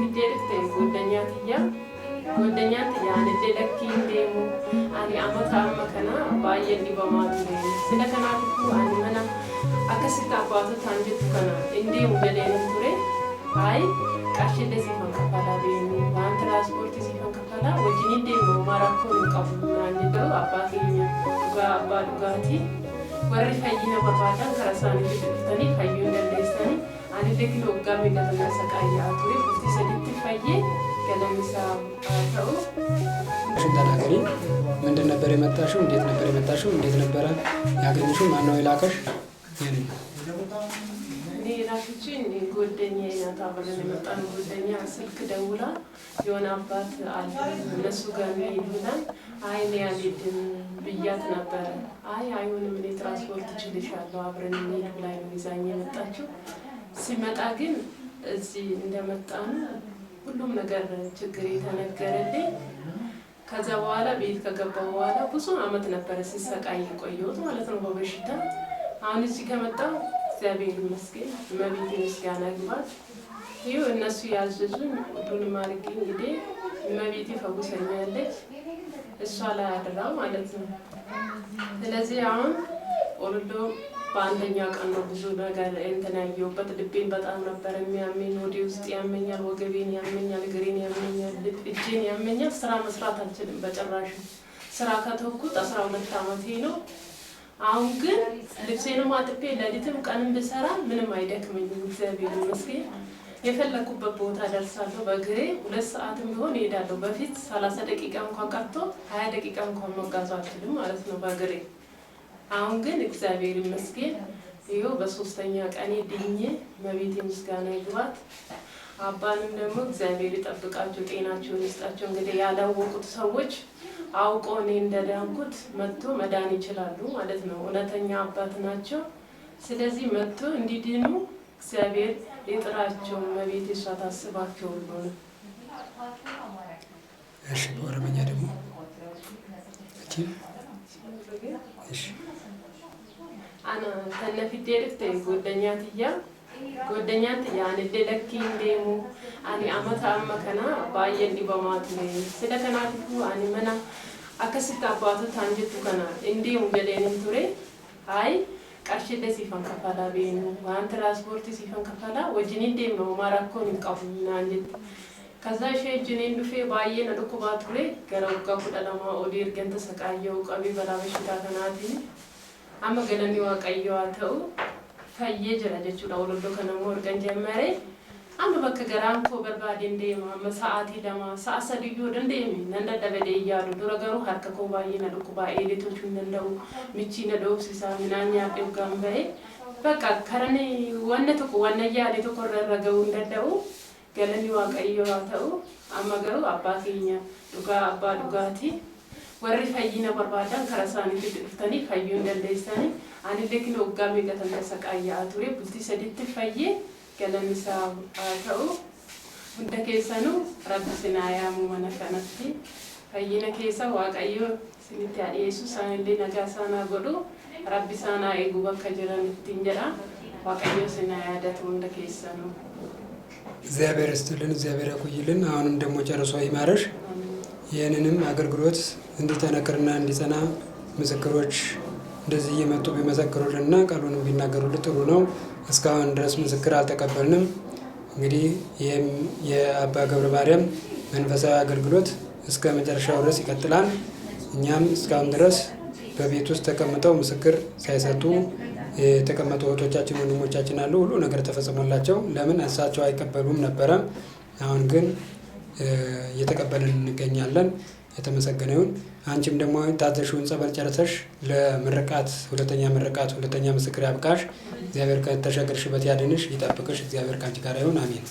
እንደምትሄድ ጓደኛት እያ ጓደኛት ያንዴ ለኪ እንደሙ አኒ አመታ መከና ባየ ዲባማት ስለ ከናቱ መና አከሲታ አባቱ ታንጀቱ ከና እንደሙ ገደን ቱሬ አይ ቃሽ ደዚ ፈንከፋላ ቤኑ ዋን ትራንስፖርት ዚ ፈንከፋላ እንደሙ ማራኮ ንቀቡ ናኒ ደው ጋ አባ ዱጋቲ ወሪ ፈይነ ባባታ ከራሳኒ Duk luggame gala masaqqayyaa ture kufti sadiitti fayyee galamisaa ta'u. ሽን ተናገሪ። ምንድን ነበር የመጣሽው? እንዴት ነበር የመጣሽው? እንዴት ነበረ ያገኘሽው? ማነው የላከሽ? እኔ የላከችኝ ናት። አብረን የመጣነው ጓደኛ ስልክ ደውላ የሆነ አባት አለ እነሱ ጋር ይሉናል። አይ እኔ አልሄድም ብያት ነበረ። አይ አይሆንም፣ እኔ ትራንስፖርት እችልሻለሁ አብረን እንሂድ ብላኝ ይዛኝ የመጣችው ሲመጣ ግን እዚህ እንደመጣ ነው ሁሉም ነገር ችግር የተነገረልኝ። ከዛ በኋላ ቤት ከገባ በኋላ ብዙ አመት ነበረ ሲሰቃይ የቆየሁት ማለት ነው በበሽታ። አሁን እዚህ ከመጣው እግዚአብሔር ይመስገን፣ መቤት ምስጋና ይግባት። ይህ እነሱ ያዘዙን ሁሉንም አድርጌ እንግዲህ መቤት ፈውሰኛለች፣ እሷ ላይ አድራ ማለት ነው። ስለዚህ አሁን ወልዶ በአንደኛ ቀን ነው ብዙ ነገር እንትን ያየሁበት። ልቤን በጣም ነበር የሚያመኝ። ወደ ውስጥ ያመኛል፣ ወገቤን ያመኛል፣ እግሬን ያመኛል፣ እጄን ያመኛል። ስራ መስራት አልችልም በጭራሽ። ስራ ከተውኩት አስራ ሁለት አመቴ ነው። አሁን ግን ልብሴንም አጥቤ ለሊትም ቀንም ብሰራ ምንም አይደክመኝም። እግዚአብሔር ይመስገን። የፈለግኩበት ቦታ ደርሳለሁ። በእግሬ ሁለት ሰዓትም ቢሆን እሄዳለሁ። በፊት ሰላሳ ደቂቃ እንኳን ቀርቶ ሀያ ደቂቃ እንኳን መጓዝ አልችልም ማለት ነው በእግሬ አሁን ግን እግዚአብሔር ይመስገን ይኸው በሶስተኛ ቀኔ ድኜ መቤቴ ምስጋና ይግባት። አባንም ደግሞ እግዚአብሔር ይጠብቃቸው፣ ጤናቸውን ይስጣቸው። እንግዲህ ያላወቁት ሰዎች አውቆ እኔ እንደዳንኩት መጥቶ መዳን ይችላሉ ማለት ነው። እውነተኛ አባት ናቸው። ስለዚህ መጥቶ እንዲድኑ እግዚአብሔር የጥራቸውን መቤት እሷ ታስባቸው ነው። አለፊዴ ልፍቴ ጓደኛት እያ ጓደኛት ያንዴ ለኪ እንዴሙ አኒ አመታ አመከና ባየ ዲባማት ስለ ከናቱ አኒ መና አከስት አባቱ ታንጀቱ ከና እንዴሙ ገደንም ቱሬ አይ qarshillee siif an kafalaa beenu waan tiraanspoortii siif an kafalaa wajjiniin deemamumaa rakkoon hin qabu naan jette kasaa ishee wajjiniin dhufee baay'ee na dhukkubaa ture gara waggaa kudha lamaa olii erganta saqaayyoo qabee balaa bashitaa kanaatiin amma galanii waaqayyoo haa ta'u fayyee jira jechuudha waloddoo kana immoo ergan jemmaree amma bakka garaan koo barbaadeen deema amma sa'aatii lama sa'a sadii yoo danda'ame nan dadhabadee yaadu dura garuu harka koo baay'ee na dhukkubaa eelee tolchuu hin danda'u michii na dhoofsisaa midhaan nyaadhee dhugaan bahee በቃ ከረኔ ወነ ተቆ ወነ ያለ ተቆረረገው እንደደው ገለኒ ዋቀየው አተው አማገሩ አባቴኛ ዱጋ አባ ዱጋቲ warri fayyina barbaadan karaa isaaniitti dhuftanii fayyuu hin dandeessanii anillee kina waggaa tan keessa qaayyaa ture bultii sadiitti fayyee galanni isaa haa ta'u hunda keessanuu rabbi isin sinaayaamu mana kanatti fayyina keessa waaqayyo isinitti haa dhiyeessu isaan illee nagaa isaanaa godhu rabbi isaanaa eegu bakka jiran ittiin jedha waaqayyo sinaa yaadatu hunda keessanuu እግዚአብሔር ይስጥልን፣ እግዚአብሔር ያቆይልን። አሁንም ደግሞ ጨርሶ ይማረሽ። ይህንንም አገልግሎት እንዲጠነክርና እንዲጸና ምስክሮች እንደዚህ እየመጡ ቢመሰክሩልና ቃሉን ቢናገሩልን ጥሩ ነው። እስካሁን ድረስ ምስክር አልተቀበልንም። እንግዲህ ይህም የአባ ገብረ ማርያም መንፈሳዊ አገልግሎት እስከ መጨረሻው ድረስ ይቀጥላል። እኛም እስካሁን ድረስ በቤት ውስጥ ተቀምጠው ምስክር ሳይሰጡ የተቀመጡ እህቶቻችን፣ ወንድሞቻችን አሉ። ሁሉ ነገር ተፈጽሞላቸው ለምን እሳቸው አይቀበሉም ነበረም። አሁን ግን እየተቀበልን እንገኛለን። የተመሰገነ ይሁን። አንቺም ደግሞ ታዘሽውን ጸበል ጨርሰሽ ለምርቃት ሁለተኛ ምርቃት ሁለተኛ ምስክር ያብቃሽ። እግዚአብሔር ከተሻገርሽበት ያድንሽ፣ ይጠብቅሽ። እግዚአብሔር ከአንቺ ጋር ይሁን። አሜን።